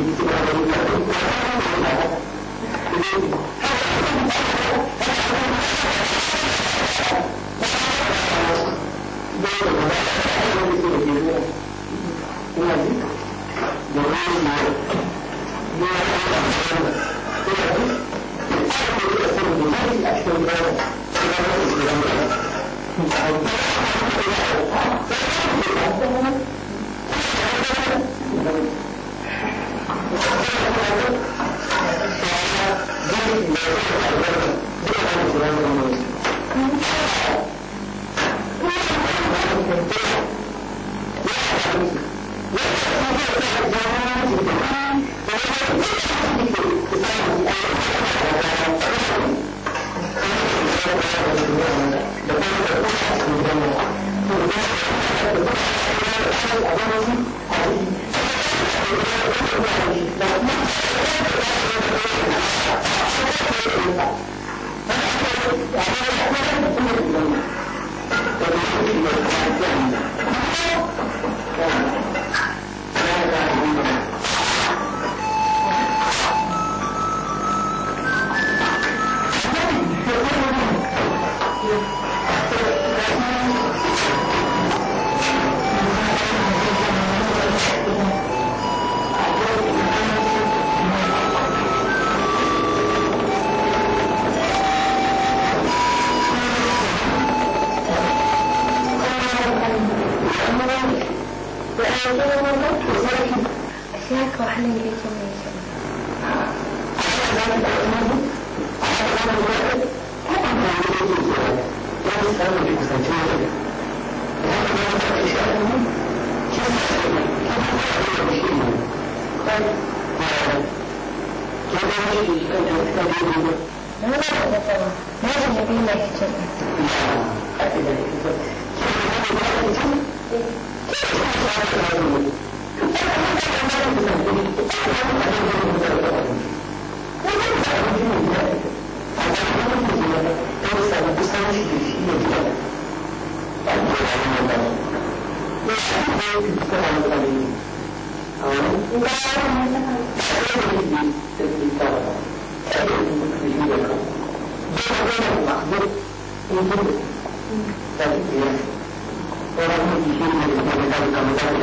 你说的对，对对对。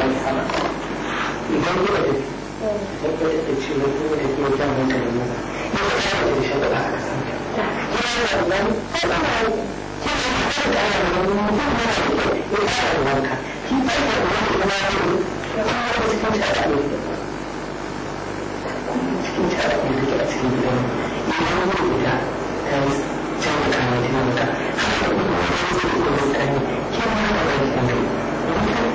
an saba idan kuka ji da kuka ji da ciwo ko ke jan hankalin ya ka ana da wani mutum ya fara kuma ya ce kuma ya ci kuma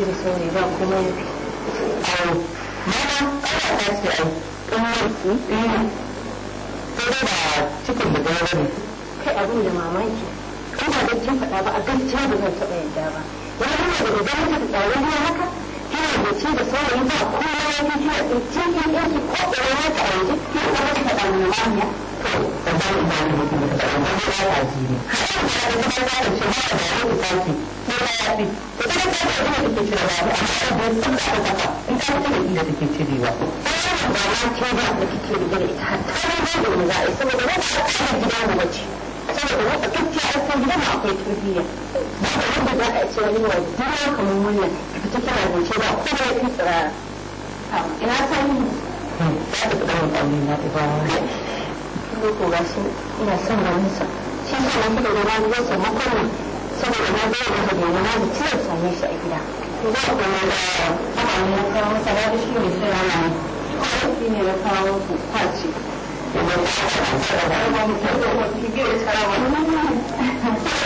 ル総理はこの tarbiyya za a ce wani wani dama kamar wannan ka fita ya fi tsirara ina ta na hmm, ba wani ko ga ina son shi na fi da gaba saboda na zai da da da tilar same shi a gida za a kuma da na kawo masa da shi ne sai shi ne na kawo ku kwace. ta wani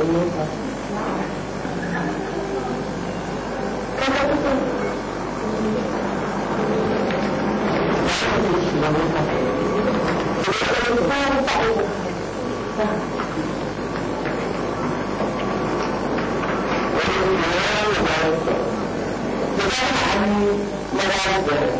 ɗanyensa Thank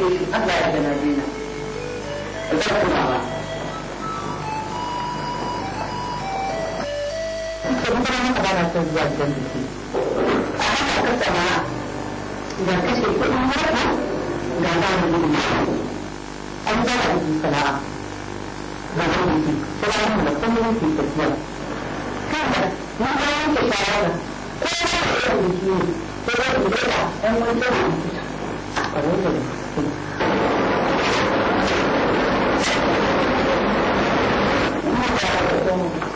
nake yi Allah ya da na daina ba kuma ba saboda maka na ga da kuma yake tafiya kada mun ba yanke Thank you.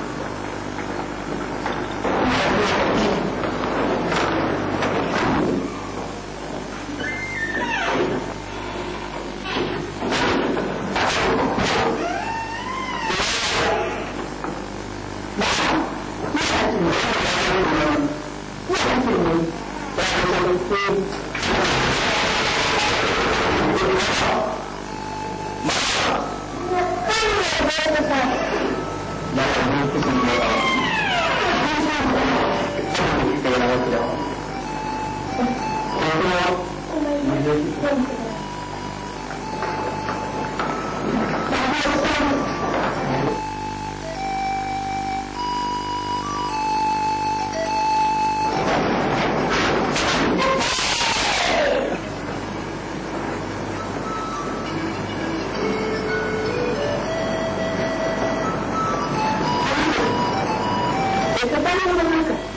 Она не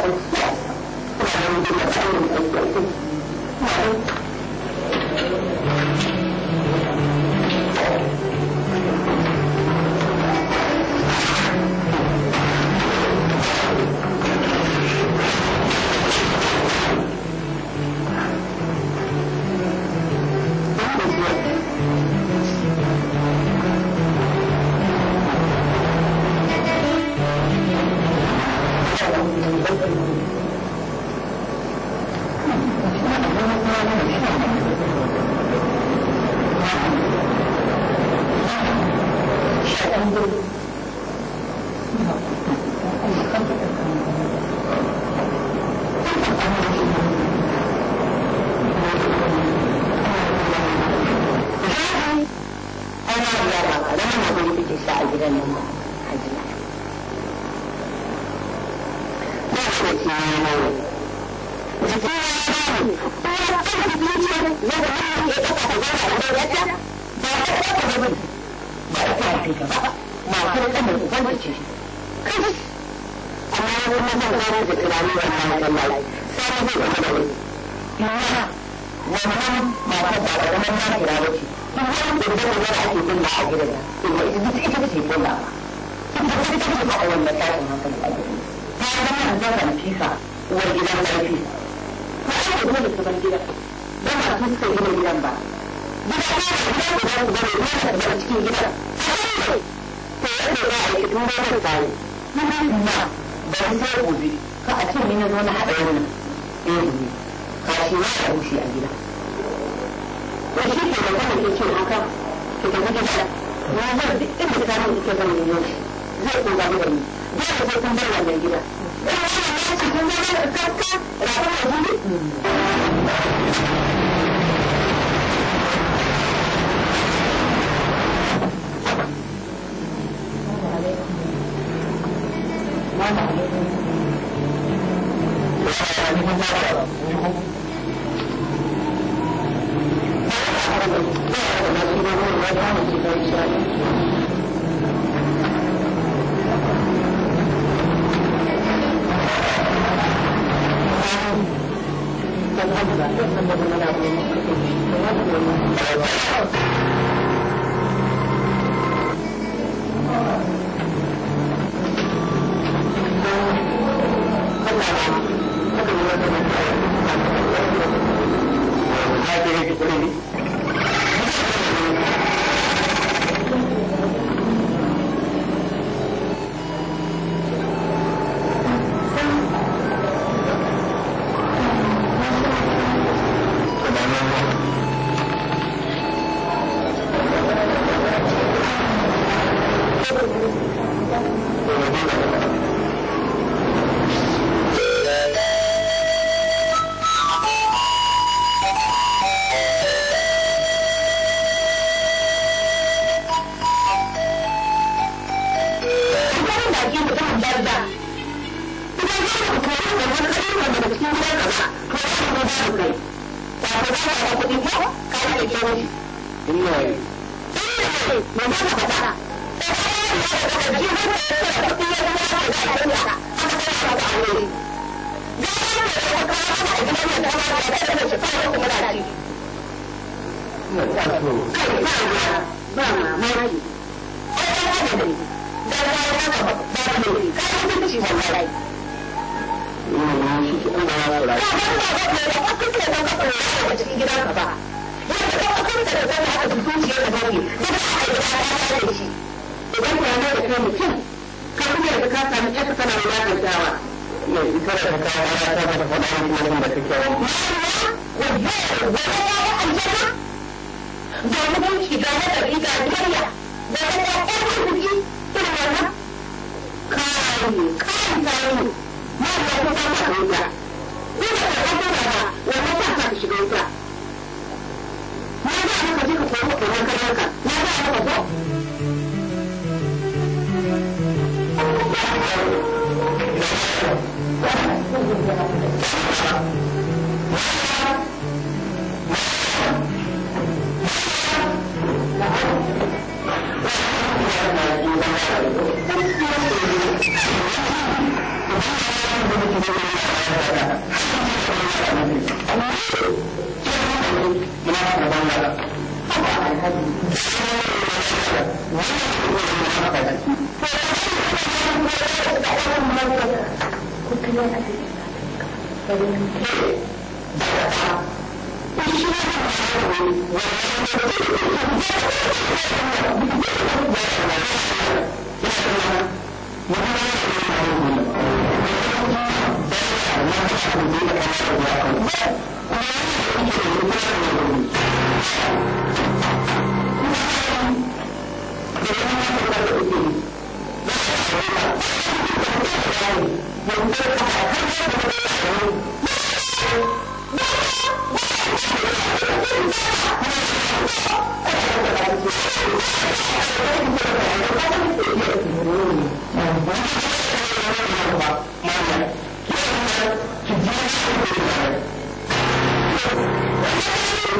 seven and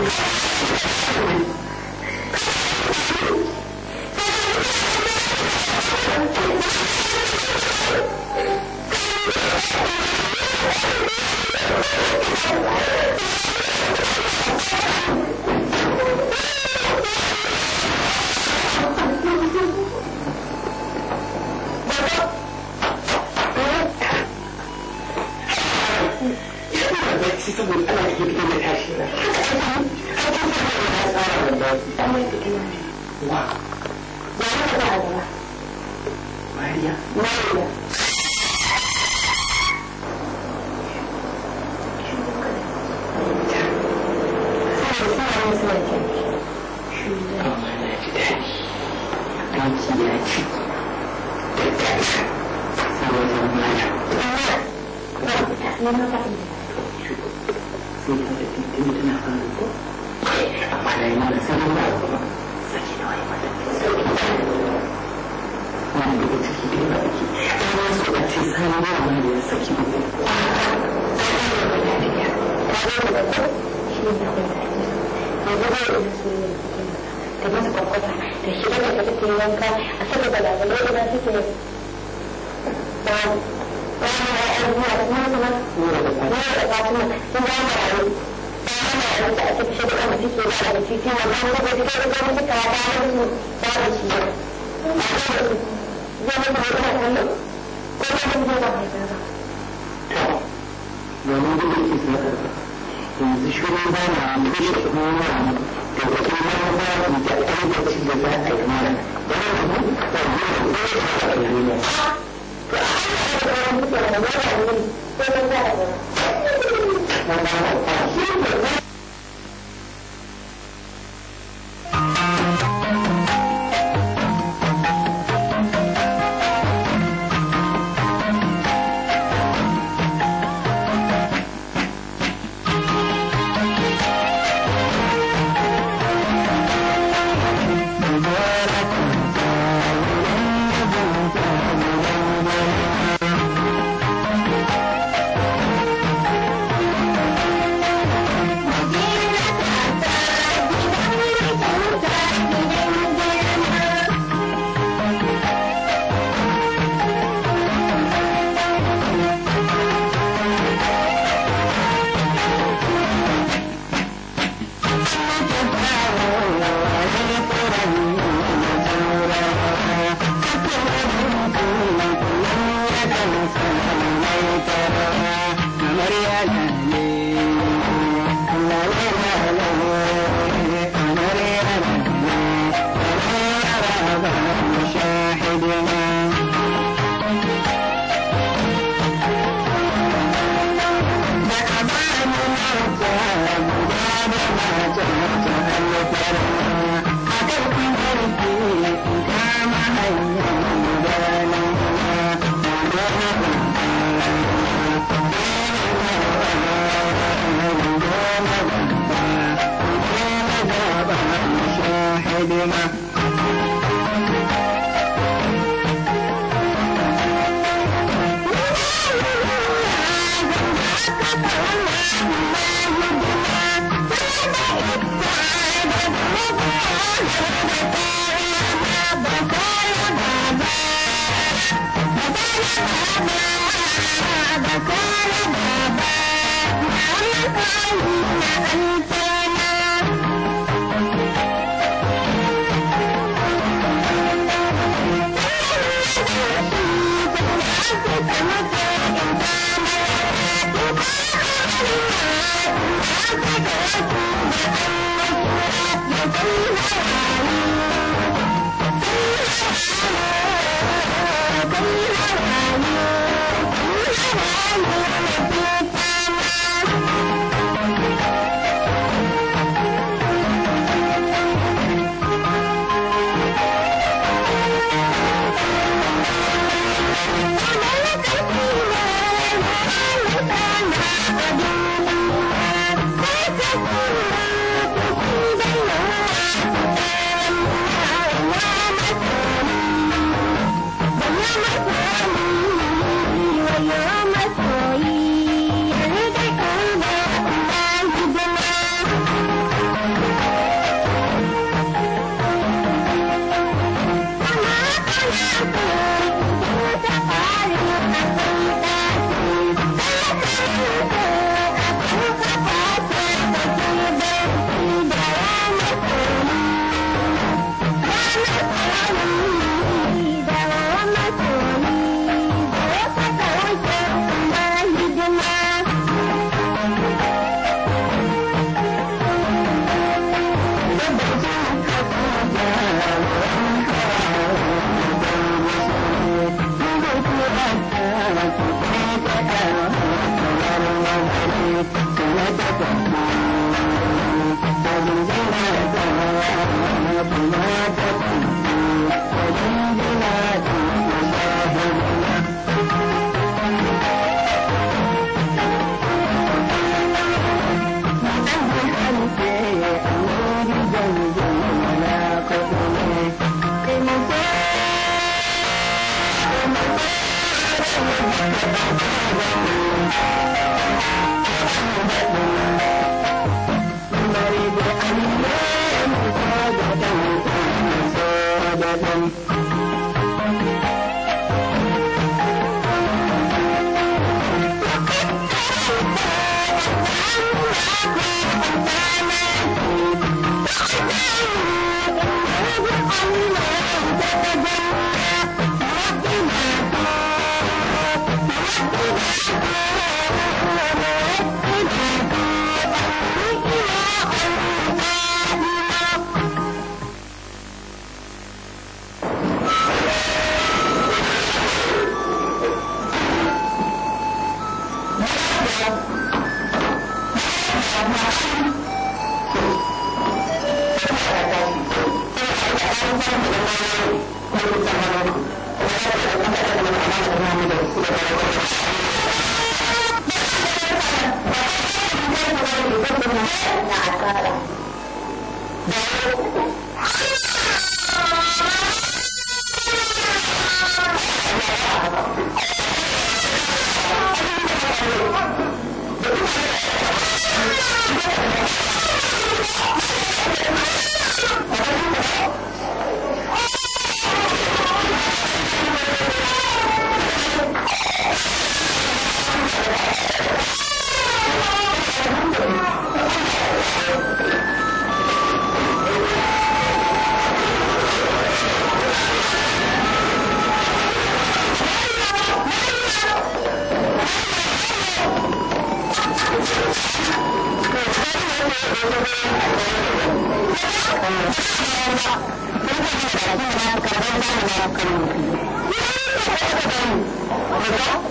Thank you.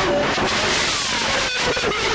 Thank you.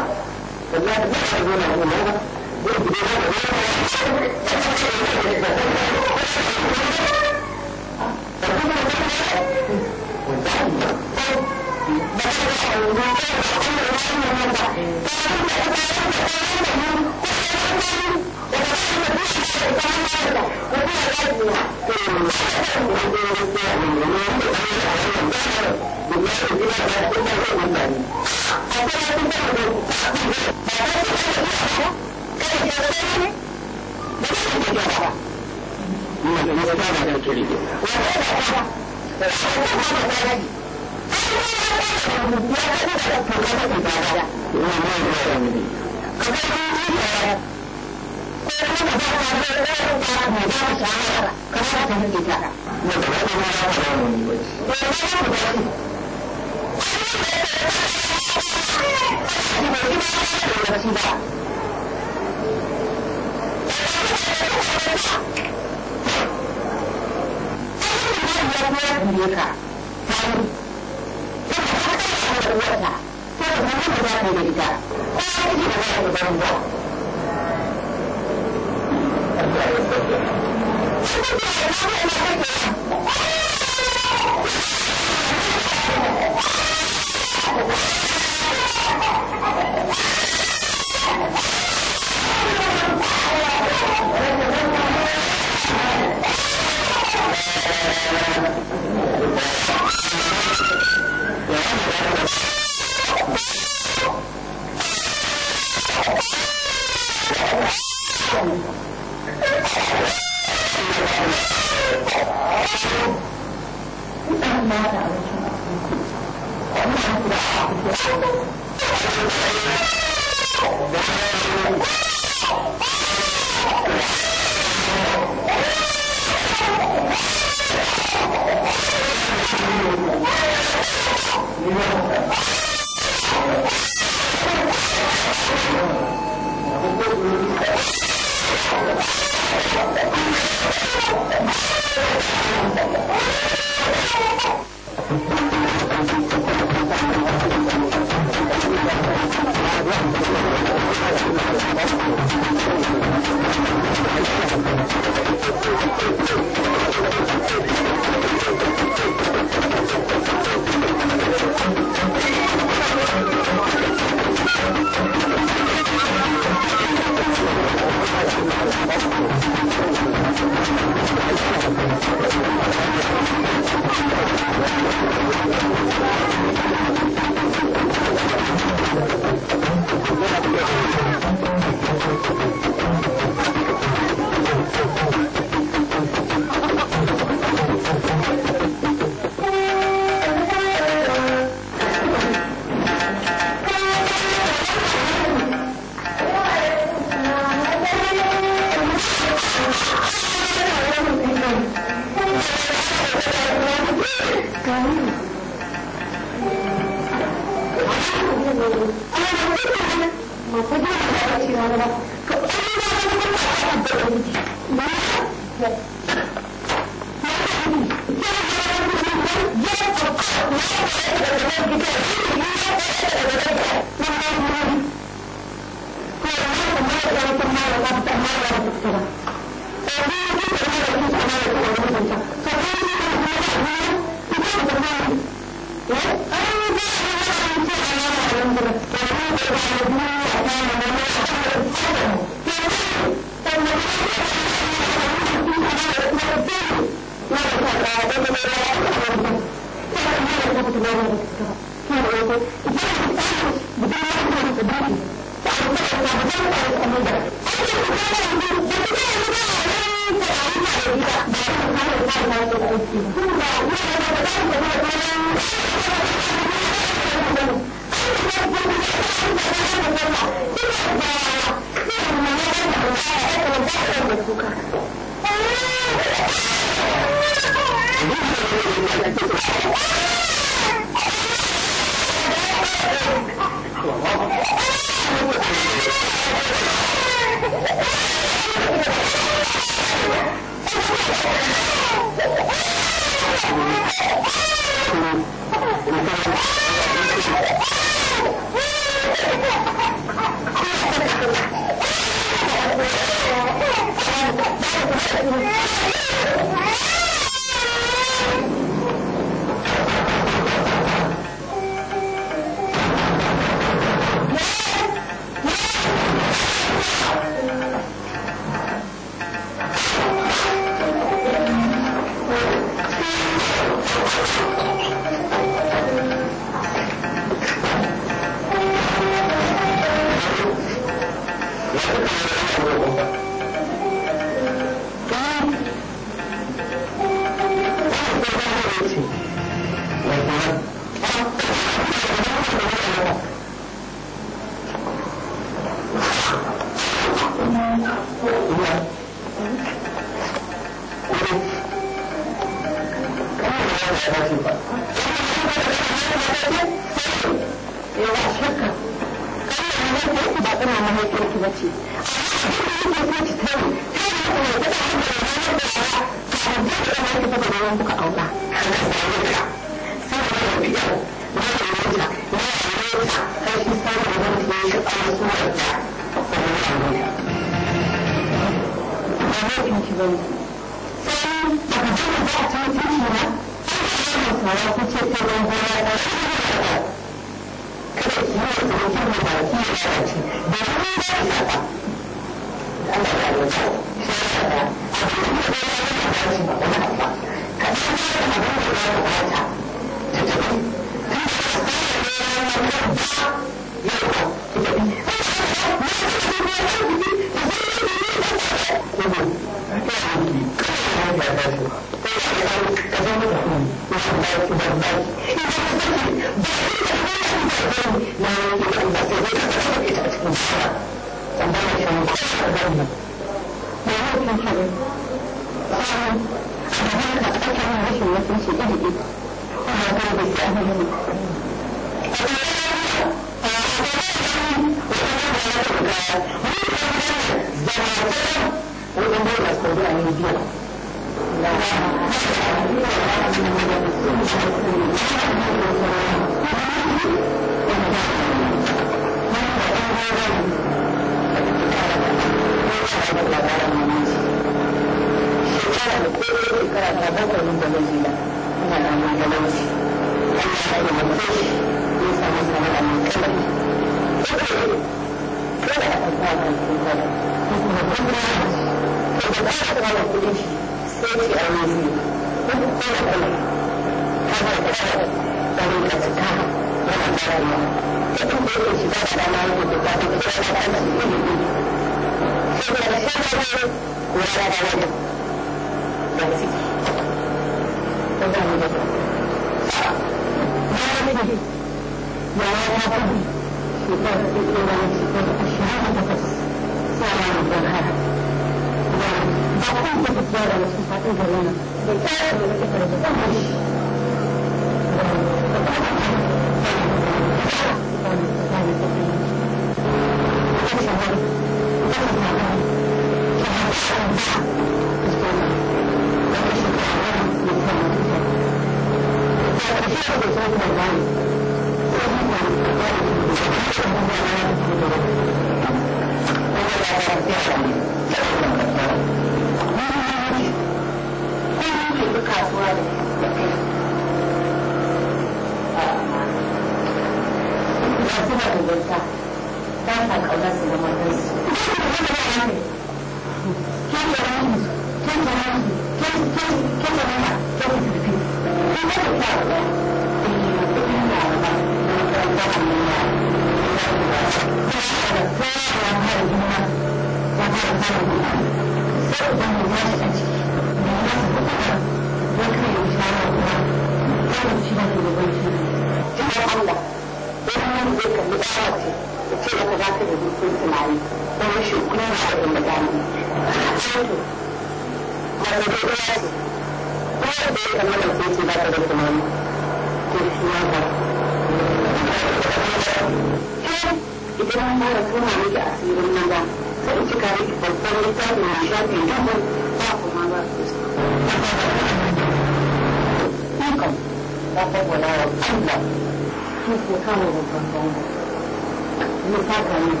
Gracias.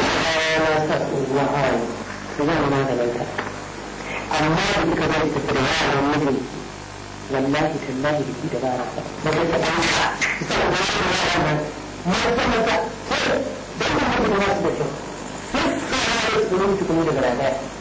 ta uwa hawaye su zama maganin ta amma da kika zai tafi da yaran mijin wallahi tallahi da ki da bara ba ka ta an ka sa da yaran nan mata mata sai da kuma da wasu da kyau sai ka yi da su ne kuma da bara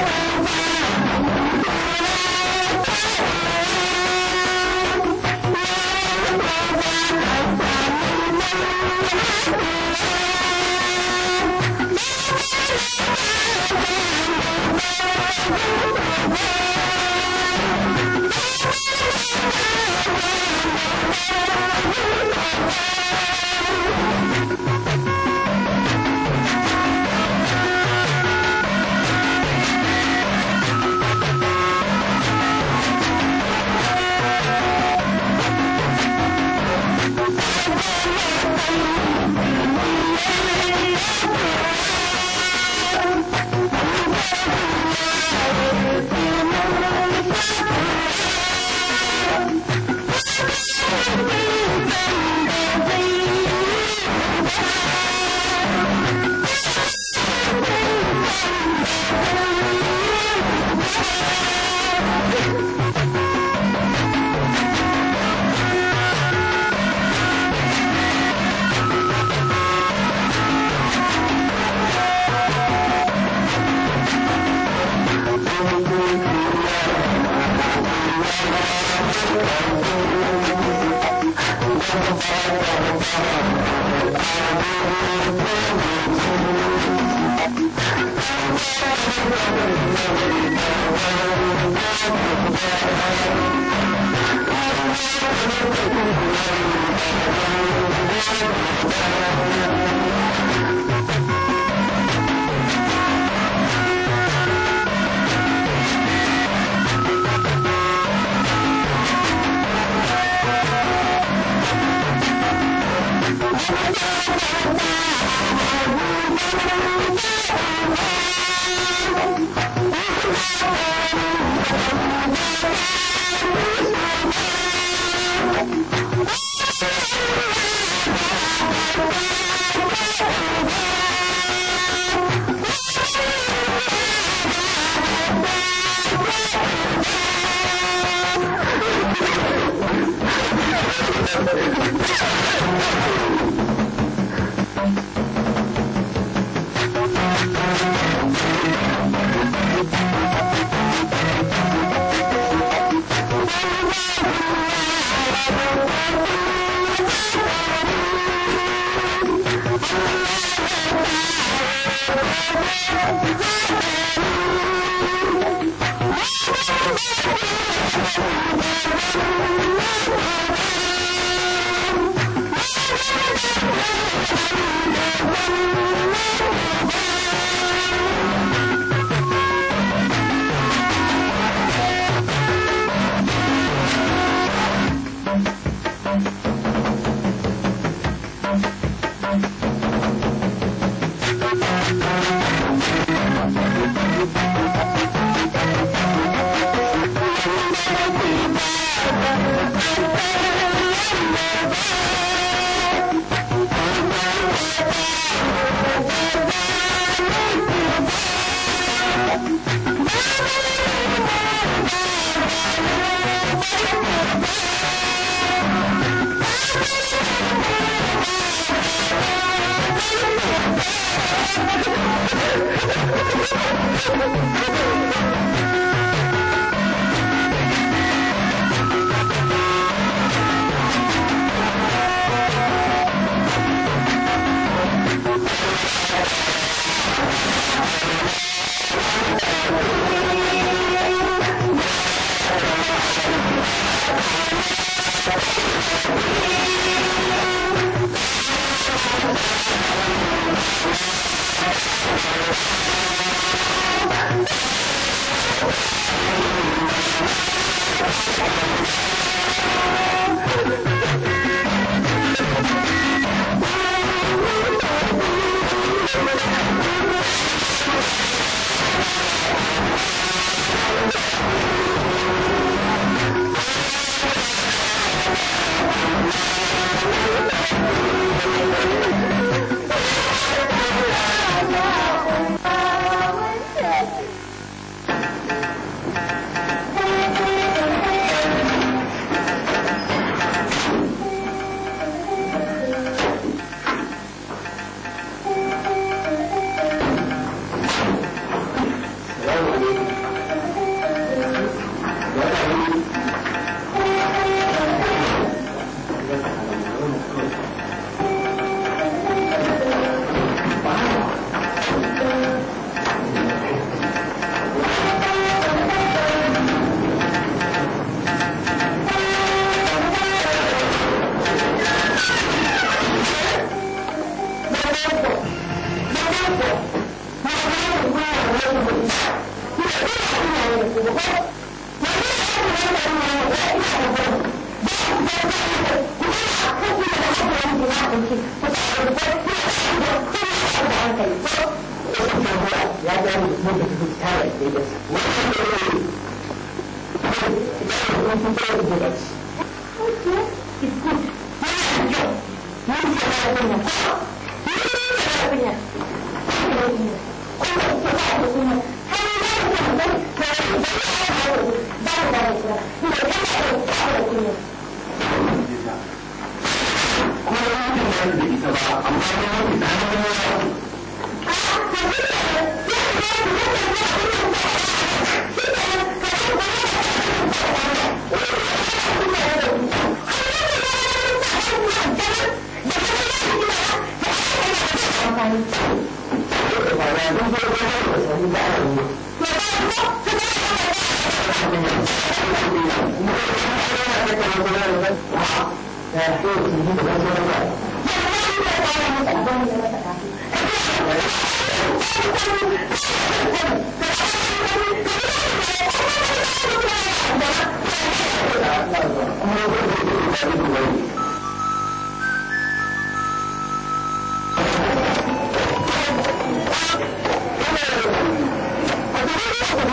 Yeah.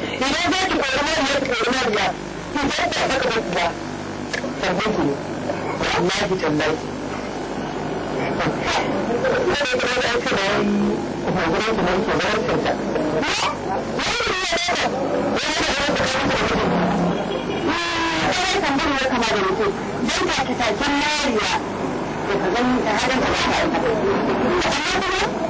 idan za ki kori mariya ki kori mariya ki zai ta saka ba ki ba sannan ki wallahi tallahi sai da kuma da ce da wani kogoron eh, ki nan ke da wancan ta Thank you.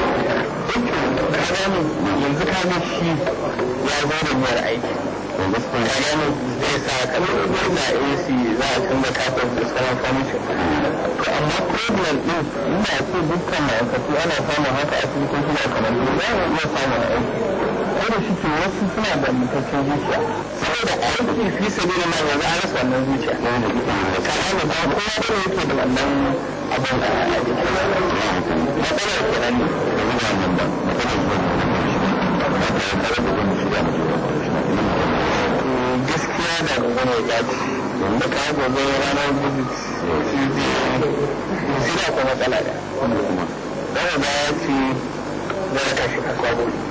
gano yanzu ka ga shi ya zo da niyyar aiki ka zai sa kamar gurin da AC za a canza kafin da sauran famishin to amma problem din inda ake dukkan ma'aikatu ana samun haka asibitoci da kamar za mu iya samun aiki ko da shi wasu suna da mutaccen zuciya saboda aiki fi sabi da mai yanzu an rasa wannan zuciya kaza da ba kowa da yake da wannan abin da a jikin matsalar kenan ne da zuwa nan ba gaskiya da gobe ya dace da ka gobe ranar gudu shi zai zira ko matsala da wanda ya ce za ka shi kasuwa gobe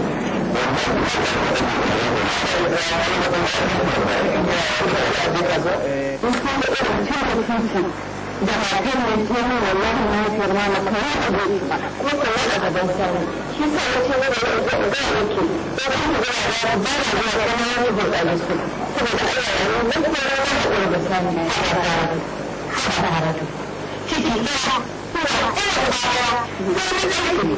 da matar mai jini wallahi na firma na kuma ya ko ta da ban sani shi sa ya ce wada ya ga ga yake ya kan ga ya ba da ya ga na yi da da su saboda Allah ya yi mun fara da da sani na haratu ciki ɗaya ko ɗaya da ɗaya ko ɗaya da ɗaya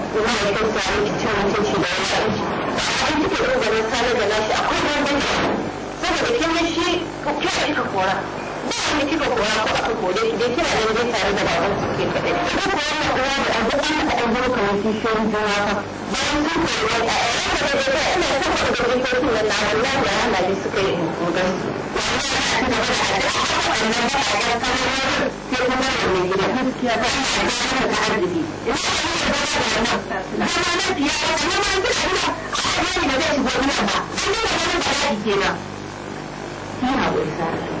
kuma da kyau sa miki cin mutunci da wani aiki abin kike ganin sani da nashi akwai bambanci saboda kin shi kyau da kora ne kika koya ko aka kore shi dai kina da wajen tare da baban su ke kaɗai kika koya ma kowa da abu an ka ɗan gudu kamar kishiyoyin juna fa bayan sun ya wani ya yayin da daga kai ina son ku da rikokin nan na wallahi da ya ne suka yi hukudan su Ina wasa.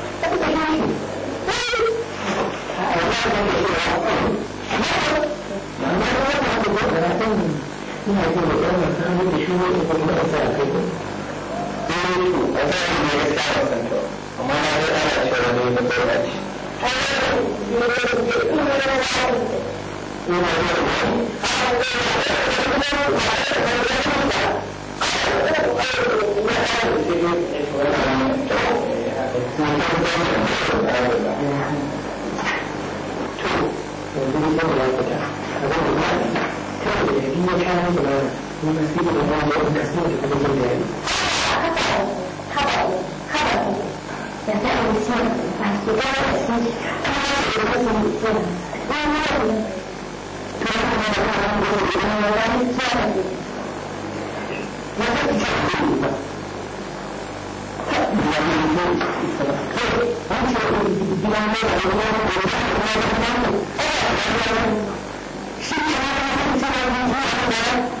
ina Thank you. yanzu ya da a Thank you.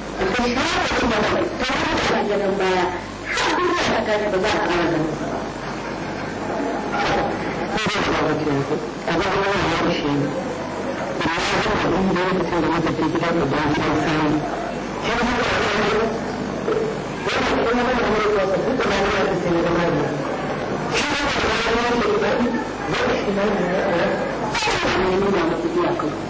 shi ba ka ci mana ta yi da kan baya har duniya ta kare ba za a ƙara Ko na yi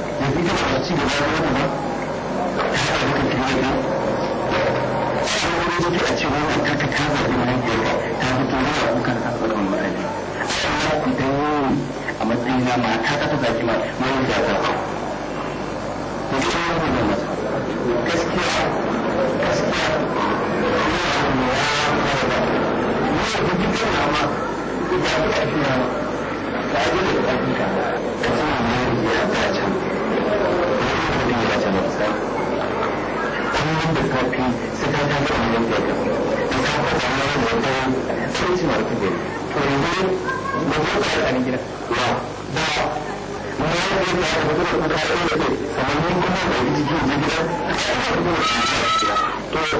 yanzu ka ba ci gaba da wata ba ka sa duka kiri da sai wani yake a cewa wani kaka ka zaɓi mahaifiyarka ta fito yana kukan akwai mutane amma ku dan yi a matsayin na mata ta zaɓi ma mahaifiyarka ko ta wani ne masa gaskiya gaskiya Thank you. da ke bata mai isa kullum da safi sai ta ta gaba mai yanzu ya kasu da safa da wani da ta sai ci mara kuje to yanzu ba da gida ba da na yi da ta da kuka da kuka da ke kamar ni kuma da yi ne da ba mu ne da kuki da ba a ba da ba ka ne, ta ce a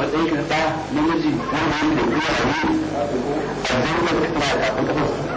matsayin ka da namiji wanda da ruwa ne a